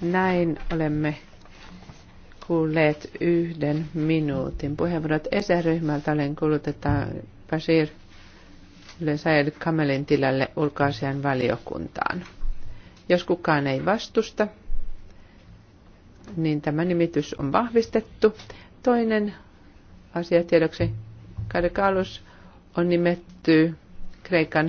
Näin olemme kuulleet yhden minuutin puheenvuorot. ese olen kuullut, että Bashir Said Kamelin tilalle ulkoasian valiokuntaan. Jos kukaan ei vastusta, niin tämä nimitys on vahvistettu. Toinen asia tiedoksi, Karkalus on nimetty Kreikan